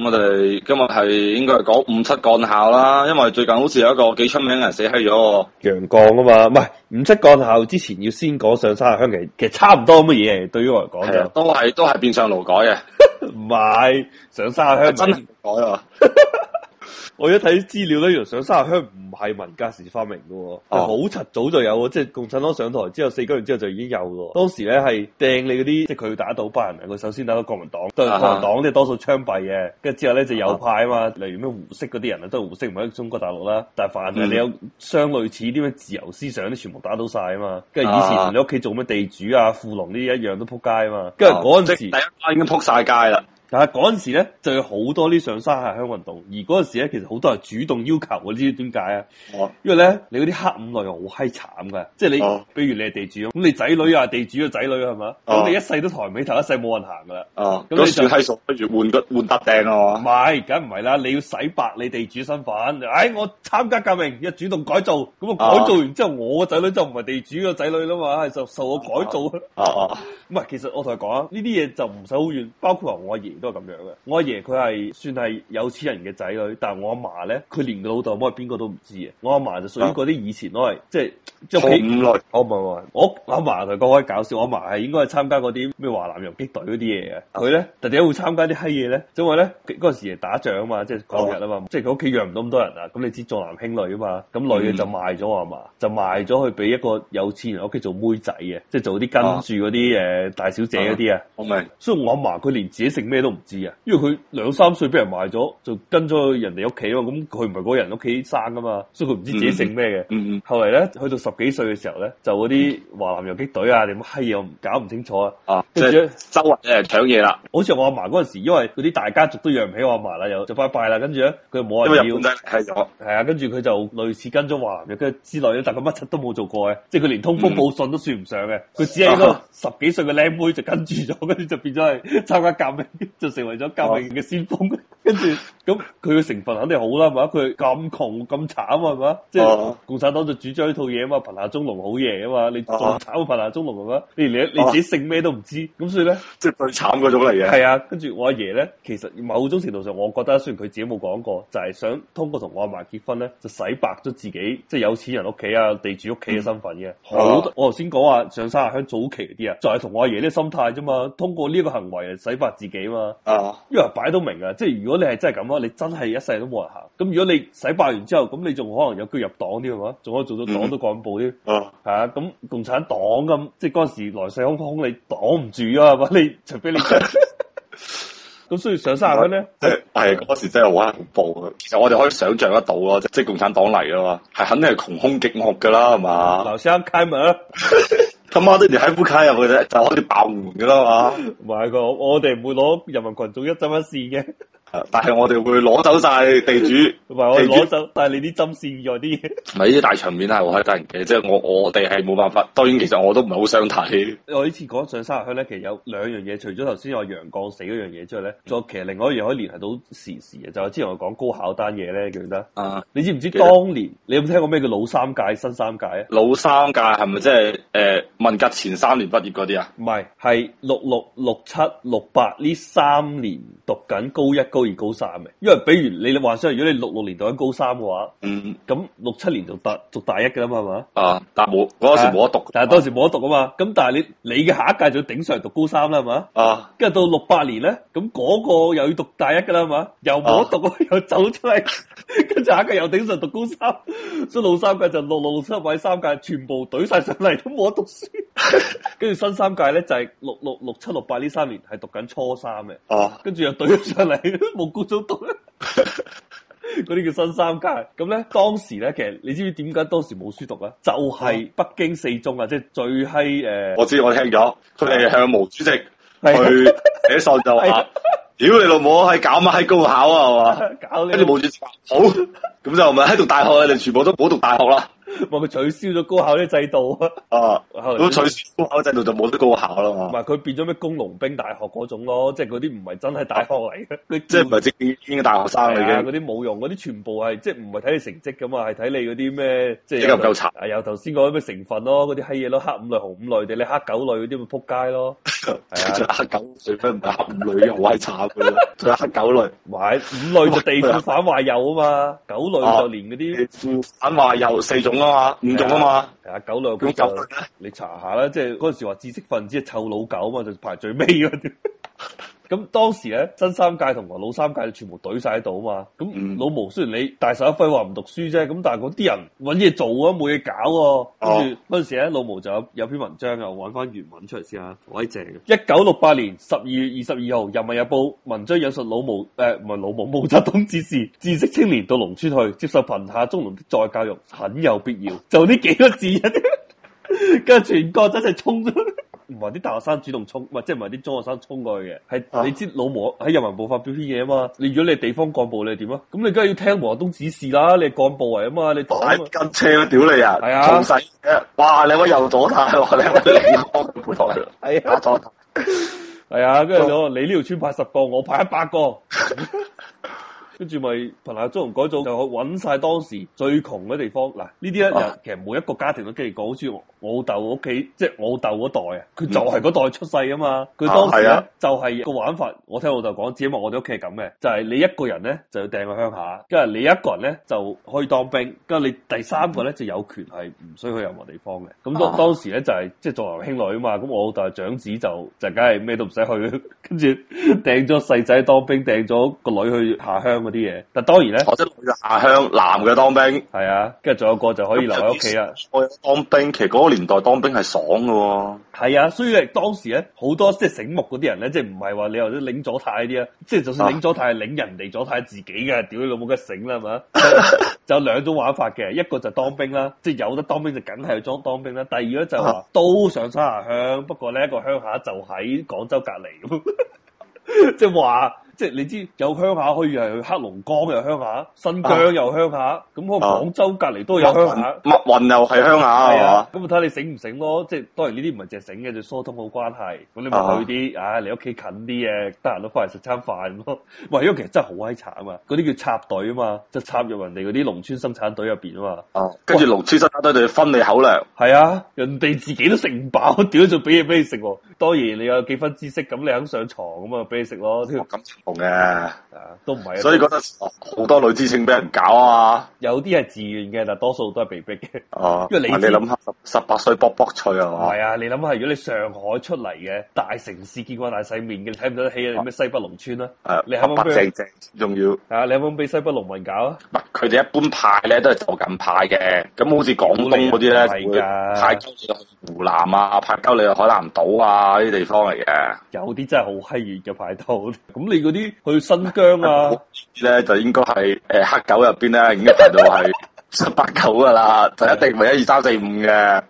我哋今日係應該係講五七幹校啦，因為最近好似有一個幾出名嘅人死喺咗、啊，楊絳啊嘛，唔係五七幹校之前要先講上山下鄉，其其實差唔多乜嘢。對於我嚟講，係啊， 都係都係變相勞改嘅，唔係 上山下鄉 真勞改啊。 我一睇資料咧，原來上山下鄉唔係文革時發明嘅，好柒早就有，即係共產黨上台之後四個月之後就已經有咯。當時咧係掟你嗰啲，即係佢打倒班人，佢首先打到國民黨，對國民黨即係多數槍斃嘅。跟住之後咧就有派啊嘛，例如咩胡適嗰啲人啊，都係胡適唔係中國大陸啦，但係凡係你有相類似啲咩自由思想，都全部打倒晒啊嘛。跟住以前你屋企做咩地主啊、富農呢，一樣都撲街啊嘛。跟住嗰陣時，第一班已經撲晒街啦。但係嗰陣時咧，就有好多啲上山下鄉運動，而嗰陣時咧，其實好多人主動要求我知點解啊？因為咧，你嗰啲黑五類好閪慘嘅，即係你，啊、比如你係地主咁，你仔女啊，地主嘅仔女係咪？咁你一世都抬唔起頭，一世冇人行嘅啦。哦、啊，咁你就閪、是、熟，跟住換個換搭釘咯。唔係、哎，梗唔係啦，你要洗白你地主身份。誒、哎，我參加革命，一主動改造，咁、嗯、啊改造完之後，我個仔女就唔係地主嘅仔女啦嘛，就受受我改造。哦哦、啊，唔、啊啊、 其實我同你講啊，呢啲嘢就唔使好遠，包括阿我阿都係咁樣嘅。我阿爺佢係算係有錢人嘅仔女，但係我阿嫲咧，佢連佢老豆係邊個都唔知嘅。我阿嫲就屬於嗰啲以前都，都係、啊、即係好唔耐。我唔家係、啊、我阿嫲，佢講開搞笑。我阿嫲係應該係參加嗰啲咩華南游擊隊嗰啲嘢嘅。佢咧特別會參加啲閪嘢咧，因為咧嗰陣時係打仗啊嘛，即係抗日啊嘛，啊即係佢屋企養唔到咁多人啊，咁你知重男輕女啊嘛，咁女嘅就賣咗我阿嫲，嗯、就賣咗去俾一個有錢人屋企做妹仔嘅，即係做啲跟住嗰啲誒大小姐嗰啲啊。啊啊我明。所以，我阿嫲，佢連自己食咩都。都唔知啊，因為佢兩三歲俾人賣咗，就跟咗去人哋屋企啊。咁佢唔係嗰人屋企生噶嘛，所以佢唔知自己姓咩嘅。嗯嗯、後嚟咧，去到十幾歲嘅時候咧，就嗰啲華南游擊隊啊，你乜閪嘢，我搞唔清楚啊。啊，跟住著周圍嘅人搶嘢啦。好似我阿嫲嗰陣時，因為嗰啲大家族都養唔起我阿嫲啦，又就拜拜啦。跟住咧，佢冇人要，係係啊。跟住佢就類似跟咗華南游擊之內，但佢乜柒都冇做過嘅，即係佢連通風報信都算唔上嘅。佢、嗯、只係一個十幾歲嘅靚妹就跟住咗，跟住就變咗係參加革命。 就成為咗革命嘅先鋒。 跟住咁，佢嘅成分肯定好啦，係嘛？佢咁窮咁慘啊，係嘛？即係共產黨就主張呢套嘢嘛，貧下中農好嘢啊嘛，你做慘貧下中農啊？你連你，你自己姓咩都唔知，咁所以咧，即係最慘嗰種嚟嘅。係啊，跟住我阿爺咧，其實某種程度上，我覺得雖然佢自己冇講過，就係、是、想通過同我阿嫲結婚咧，就洗白咗自己，即係有錢人屋企啊、地主屋企嘅身份嘅。好，我頭先講啊，上山下鄉早期嗰啲啊，就係、是、同我阿爺呢心態啫嘛，通過呢個行為嚟洗白自己啊嘛。啊， 因為擺到明啊，即係如果。你係真係咁咯？你真係一世都冇人行。咁如果你洗白完之後，咁你仲可能有機會入黨添啊？仲可以做到黨都幹部啲？Mm hmm. 啊，係、嗯、啊！咁共產黨咁，即係嗰時來勢洶洶，你擋唔住啊？係嘛？除非你咁、 嗯，所以上三上山去咧，係嗰 時真係好恐怖。其實我哋可以想象得到咯，即、就、係、是、共產黨嚟啊嘛，係肯定係窮凶極惡噶啦，係嘛？劉生開門、啊，他媽的你喺屋企入去就開住爆門噶啦嘛。唔係個， 我哋唔會攞人民群眾一針一綫嘅。但係我哋會攞走晒地主，唔係我攞走，但係你啲針線嗰啲，唔係呢啲大場面係我開得嘅，即係我我哋係冇辦法。當然，其實我都唔係好想睇。我呢次講上山下鄉咧，其實有兩樣嘢，除咗頭先我楊絳死嗰樣嘢之外咧，仲其實另外一樣可以聯繫到時事嘅，就係之前我講高考單嘢咧，記得啊？你知唔知當年你有冇聽過咩叫老三屆、新三屆啊？老三屆係咪即係誒文革前三年畢業嗰啲啊？唔係，係六六六七六八呢三年讀緊高一高二、高三嘅，因為比如你話晒，如果你六六年讀緊高三嘅話，嗯，咁六七年就讀讀大一嘅啦嘛，係嘛？啊，但冇嗰時冇得讀，但係當時冇得讀啊嘛，咁但係你你嘅下一屆就要頂上讀高三啦，係、嗯、嘛？啊，跟住到六八年咧，咁嗰個又要讀大一嘅啦嘛，又冇得讀，啊、又走出嚟，跟住下一屆又頂上讀高三，所以老三屆就六六六七位三屆全部懟晒上嚟都冇得讀書。跟住 新三屆咧就係六六六七六八呢三年係讀緊初三嘅，跟住、啊、又對咗上嚟，冇高中讀，嗰 啲叫新三屆。咁咧當時咧其實你知唔知點解當時冇書讀咧？就係、是、北京四中啊，即、就、係、是、最 h 誒、呃！我知我聽咗，佢哋向毛主席去寫信就話：，屌去 你老母，係搞乜喺高考啊？係嘛？跟住毛主席好，咁就咪喺讀大學，你全部都冇讀大學啦。咪咪取消咗高考啲制度啊，咁取消高考制度就冇得高考啦嘛。唔係佢變咗咩工農兵大學嗰種咯，即係嗰啲唔係真係大學嚟嘅，即係唔係正正嘅大學生嚟嘅。嗰啲冇用，嗰啲全部係即係唔係睇你成績噶嘛，係睇你嗰啲咩，即係又又查，有頭先講咩成分咯，嗰啲閪嘢咯，黑五類、紅五類嘅，你黑九類嗰啲咪撲街咯。係啊，黑九水分唔係黑五類，好閪慘嘅咯。黑九類，唔係五類就地富反壞右啊嘛，九類就連嗰啲反壞右，四種。啊嘛，唔同啊嘛，阿狗兩你查下啦，即係嗰陣時話知識分子係臭老九啊嘛，就是、排最尾嗰啲。 咁當時咧，新三屆同埋老三屆全部懟晒喺度啊嘛！咁老毛雖然你大手一揮話唔讀書啫，咁但係嗰啲人揾嘢做啊，冇嘢搞，啊。跟住嗰陣時咧，老毛就有，有篇文章啊，我揾翻原文出嚟先啦。好閪正！一九六八年十二月二十二號《人民日報》文章引述老毛，誒唔係老毛，毛澤東指示：知識青年到農村去接受貧下中農的再教育很有必要。就呢幾個字，跟住 全國真係衝咗。同埋啲大學生主動衝，唔係即唔係啲中學生衝過去嘅，係你知老毛喺人民報發表啲嘢啊嘛？你如果你，你地方幹部，你點啊？咁你梗係要聽毛澤東指示啦，你幹部嚟啊嘛？你踩金車屌你啊！係啊，哇！你乜又左帶你乜？你幫佢背託你？係 啊，係 啊，跟住你呢條村派十個，我派一百個，跟住咪貧下中農改造就揾晒當時最窮嘅地方。嗱，呢啲咧其實每一個家庭都經歷過，好似我。我老豆屋企即係我老豆嗰代,代啊，佢就係嗰代出世啊嘛。佢當時啊，就係個玩法，我聽我老豆講，只因為我哋屋企係咁嘅，就係、係、你一個人咧就要掟去鄉下，跟住你一個人咧就可以當兵，跟住你第三個咧就有權係唔需要去任何地方嘅。咁當當時咧就係即係重男輕女啊嘛。咁我老豆係長子就，就就梗係咩都唔使去，跟住掟咗細仔當兵，掟咗個女去下鄉嗰啲嘢。但係當然咧，或者去下鄉，男嘅當兵係啊，跟住仲有個就可以留喺屋企啊。我當兵，其、啊、實、啊啊啊啊年代當兵係爽噶、啊，係啊，所以當時咧好多即係醒目嗰啲人咧，即係唔係話你或者領左太啲啊，即係就算領左太係領人哋左太自己嘅，屌你老母嘅醒啦係嘛，就有兩種玩法嘅，一個就當兵啦，即係有得當兵就梗係裝當兵啦，第二咧就話都上山下鄉，不過咧個鄉下就喺廣州隔籬， 即係話。即係你知有鄉下可以係去黑龍江又鄉下，新疆又鄉下，咁我、啊、廣州隔離都有鄉下，密雲，雲又係鄉下，咁睇、啊啊、你醒唔醒咯？即係當然呢啲唔係淨係醒嘅，就疏通好關係。咁你咪去啲，唉、啊啊、你屋企近啲嘅，得、啊、閒、啊、都翻嚟食餐飯咯。喂，因為其實真係好閪慘啊，嗰啲叫插隊啊嘛，就插入人哋嗰啲農村生產隊入邊啊嘛。哦、啊，跟住哇農村生產隊就分你口糧，係啊，人哋自己都食唔飽，屌，就仲俾嘢俾你食？當然你有幾分知識，咁你肯上床咁啊，俾你食咯。咁同嘅，都唔係，所以覺得好多女知青俾人搞啊。有啲係自願嘅，但多數都係被逼嘅。哦、啊，因為你你諗下十八歲卜卜脆啊，嘛。係啊，你諗下、啊啊，如果你上海出嚟嘅大城市見過大世面嘅，睇唔到得起啊，咩西北農村啊，你肯唔、啊、不,不正正仲要啊？你肯唔肯俾西北農民搞啊？唔佢哋一般派咧都係就近派嘅，咁好似廣東嗰啲咧，係啊，派到湖南啊，派到你去海南島啊呢啲地方嚟嘅。有啲真係好閪遠嘅派到，咁你啲。去新疆啊！咧就應該係誒黑狗入邊咧，已經排到係十八九噶啦， 就一定唔係一二三四五嘅。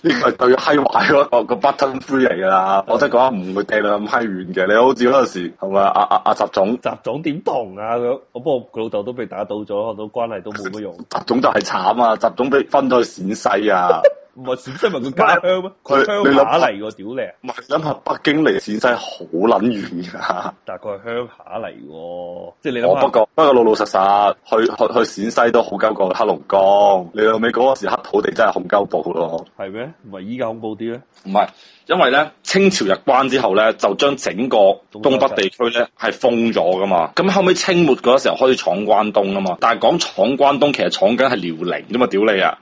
呢、 那個係對閪壞嗰個個 button free 嚟噶啦， 我真講唔會掟到咁閪遠嘅。你好似嗰陣時係咪阿阿阿習總？習總點同啊？咁不過老豆都被打倒咗，我到關係都冇乜用。習總就係慘啊！習總被分到去陝西啊！ 唔係陝西咪佢家鄉咩？佢是鄉下嚟個屌你啊！唔係諗下北京嚟，陝西好撚遠噶，大概鄉下嚟喎，即係你諗。不過不過老老實實去去去陝西都好鳩過黑龍江，你有冇覺嗰時黑土地真係紅鳩暴咯？係咩？唔係依家恐怖啲咩？唔係，因為咧。清朝入關之後咧，就將整個東北地區咧係封咗噶嘛，咁後尾清末嗰時候開始闖關東啊嘛，但係講闖關東，其實闖緊係遼寧啫嘛，屌你啊！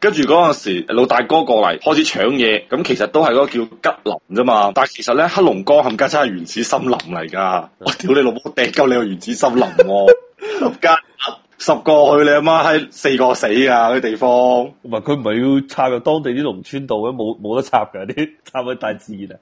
跟住嗰陣時老大哥過嚟開始搶嘢，咁其實都係嗰個叫吉林啫嘛，但係其實咧黑龍江冚家鏟係原始森林嚟噶的，我屌你老母掟鳩你個原始森林喎、啊， 十個去你阿媽喺四個死啊！嗰、那、啲、個、地方，唔係佢唔係要插入當地啲農村度嘅？冇冇得插嘅啲插喺大自然啊！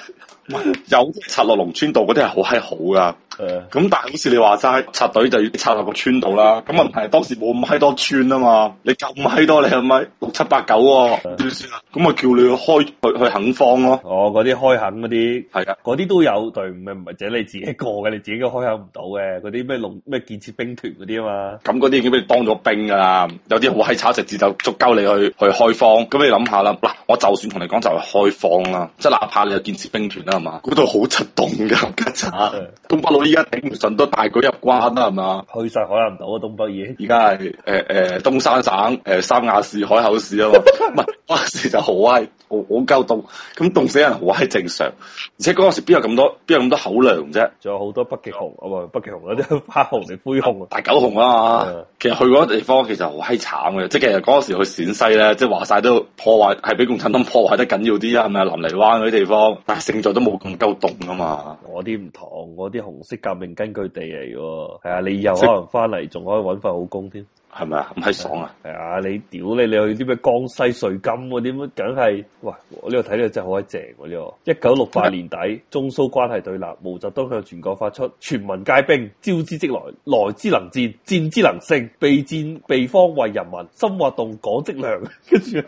有啲插落農村度，嗰啲係好閪好噶。咁但係好似你話齋，插隊就要插落個村度啦。咁問題當時冇咁閪多村啊嘛。你咁閪多，你係咪六七八九？Uh, 就算啦咁啊叫你去開去去墾荒咯。哦，嗰啲開墾嗰啲係啊，嗰啲的都有隊，唔係唔係凈你自己過嘅，你自己都開墾唔到嘅。嗰啲咩農咩建設兵團嗰啲啊嘛。咁嗰啲已經俾你當咗兵㗎啦。有啲好閪炒，直接就足夠你去去開荒。咁你諗下啦。嗱、啊，我就算同你講就係開荒啦，即係哪怕你係建設兵團啦。嗰度好出動噶，真。 東北佬依家頂唔順都大舉入關啦，係嘛 吧？去曬海南島啊，東北嘢，而家係誒誒東三省誒三亞市海口市啊嘛， 唔係。嗰時就好嗨，好好夠凍，咁凍死人好嗨正常。而且嗰時邊有咁多邊有咁多口糧啫？仲有好多北極熊啊嘛，北極熊嗰啲花熊定灰熊啊？大狗熊啊嘛的。其實去嗰個地方其實好嗨慘嘅，即係其實嗰時去陝西咧，即係話晒都破壞係比共產黨破壞得緊要啲啊，係咪啊？南泥灣嗰啲地方，但係勝在都冇咁夠凍啊嘛。我啲唔同，我啲紅色革命根據地嚟㗎。係啊，你以後可能翻嚟仲可以搵份好工添。係咪啊？唔係爽啊！係啊！你屌你！你去啲咩江西瑞金嗰啲梗係喂！我呢度睇呢個真係好鬼正喎！呢、這個一九六八年底，的中蘇關係對立，毛澤東向全國發出全民皆兵，召之即來，來之能戰，戰之能勝，備戰備荒為人民，深挖洞，廣積糧。跟住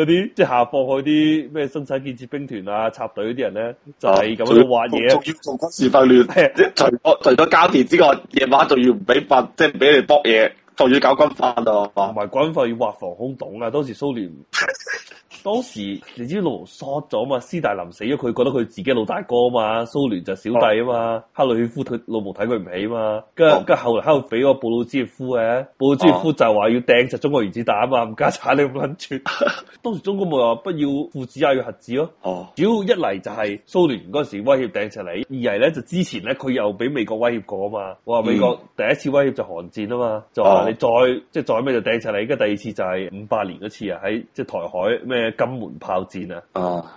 嗰啲即係下放去啲咩生產建設兵團啊、插隊嗰啲人咧，就係、是、咁樣玩嘢，仲要做軍事訓練的， 除咗除咗交田之外，夜晚仲要唔俾瞓，即係唔俾你搏嘢。就要搞軍訓咯，同埋軍訓要挖防空洞啊！當時蘇聯， 當時你知老毛衰咗嘛？斯大林死咗，佢覺得佢自己老大哥啊嘛，蘇聯就小弟啊嘛。赫魯雪夫，老毛睇佢唔起嘛，跟跟、啊、後嚟喺度俾個布魯茲夫咧，布魯茲夫就話要掟隻中國原子彈啊嘛，唔家產你冇撚住。 當時中國冇話不要父子啊，要核子咯、啊。哦、啊，主要一嚟就係蘇聯嗰陣時威脅掟隻你，二嚟咧就之前咧佢又俾美國威脅過啊嘛。我話美國第一次威脅就韓戰啊嘛，就、啊。再即係再咩就掟齊啦，而家第二次就係五八年嗰次啊，喺即係台海咩金門炮戰啊，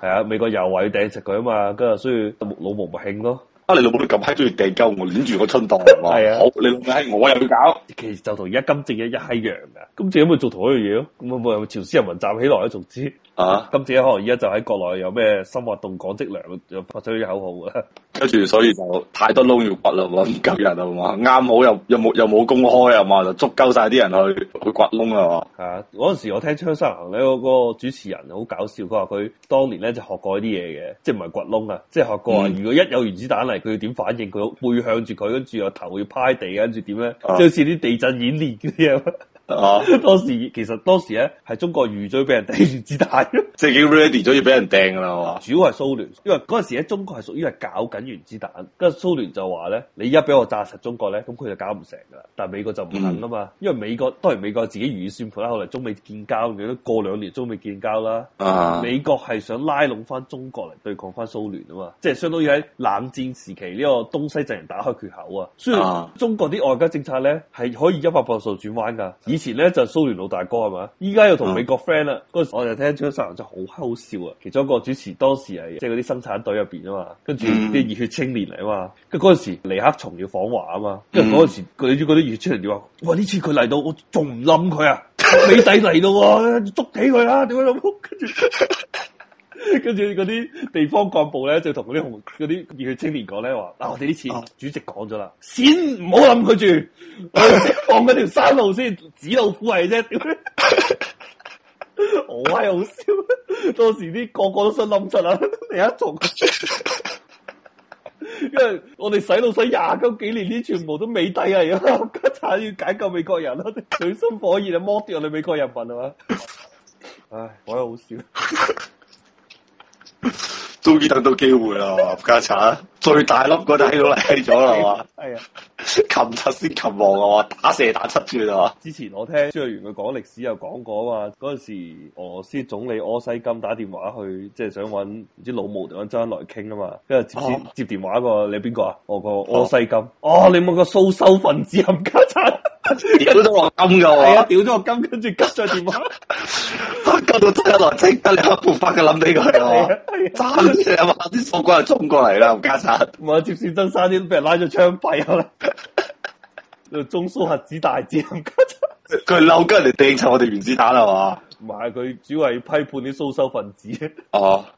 係啊，美國又話要掟食佢啊嘛，跟住所以目老毛慶咯，啊你老母都咁閪中意掟鳩我，捻住我春袋係嘛，啊、好你老閪我，我又要搞，其實就同一金正一一樣啊，咁點有冇做同一樣嘢咯？咁啊咪朝鮮人民站起來啊，總之。啊！今次可能而家就喺國內有咩深挖洞廣積糧，又發出啲口號啊！跟住所以就太多窿要掘啦，唔夠人啊嘛！啱好又又冇又冇公開啊嘛，就足夠晒啲人去去掘窿啊嘛！啊！嗰陣時我聽張三行咧，嗰、嗰個主持人好搞笑，佢話佢當年咧就學過一啲嘢嘅，即係唔係掘窿啊，即係學過啊！如果一有原子彈嚟，佢要點反應？佢背向住佢，跟住又頭要趴地，跟住點咧？即好似啲地震演練啲啊！啊啊！ 當時其實當時咧係中國預咗俾人掟原子彈，即係已經 ready 咗要俾人掟噶啦，主要係蘇聯，因為嗰陣時咧中國係屬於係搞緊原子彈，跟住蘇聯就話咧：你一俾我炸實中國咧，咁佢就搞唔成噶啦。但係美國就唔肯啊嘛，嗯、因為美國當然美國自己預算盤，後來中美建交，你都過兩年中美建交啦。啊！美國係想拉攏翻中國嚟對抗翻蘇聯啊嘛，即係相當於喺冷戰時期呢、呢個東西陣營打開缺口啊。雖然中國啲外交政策咧係可以一百八十度轉彎噶，以前咧就蘇聯老大哥係嘛，依家又同美國 friend 啦。嗰、啊、時我就聽張三林真係好閪好笑啊！其中一個主持當時係即係嗰啲生產隊入邊啊嘛，跟住啲熱血青年嚟啊嘛。跟嗰陣時尼克松要訪華啊嘛，跟嗰陣時佢啲嗰啲熱血青年點話？哇！呢次佢嚟到我仲唔冧佢啊！美帝嚟到喎，捉起佢啊！點啊老闆，跟住。跟住嗰啲地方幹部咧，就同嗰啲紅嗰啲熱血青年講咧，話嗱、啊啊、我哋呢次主席講咗啦，先唔好諗佢住， 我放嗰條山路先，紙老虎嚟啫，我係、 啊、好笑、啊，到時啲個個都想諗出啦，而家仲，因為我哋洗到洗廿九幾年啲全部都美帝嚟啊，家產要解救美國人咯，我水深火熱啊，剝掉你美國人民係嘛，唉、啊，我係好笑、啊。啊啊啊好笑啊啊終於等到機會啦，哇！冚家鏟 最大粒嗰粒喺度嚟咗啦，哇！係啊，擒賊先擒王啊，哇！打蛇打七寸啊！之前我聽朱議員佢講歷史又講過啊嘛，嗰陣時俄羅斯總理柯西金打電話去，即係想搵唔知老毛定周恩來傾啊嘛，跟住接接,、啊、接電話個你邊個啊？我個柯西金哦、啊啊，你冇個蘇修分子林、啊、冚家鏟，丟都個金噶，係 啊，屌咗個金，跟住吉咗電話。搞到周恩來即，隔兩刻爆發嘅諗起佢，係啊，三聲啊，啲蘇軍又衝過嚟啦，冚家鏟，同埋接線增生啲俾人拉咗槍斃啦，就中蘇核子大戰，佢嬲緊，嚟掟出我哋原子彈係嘛，唔係佢主要係批判啲蘇修分子 啊。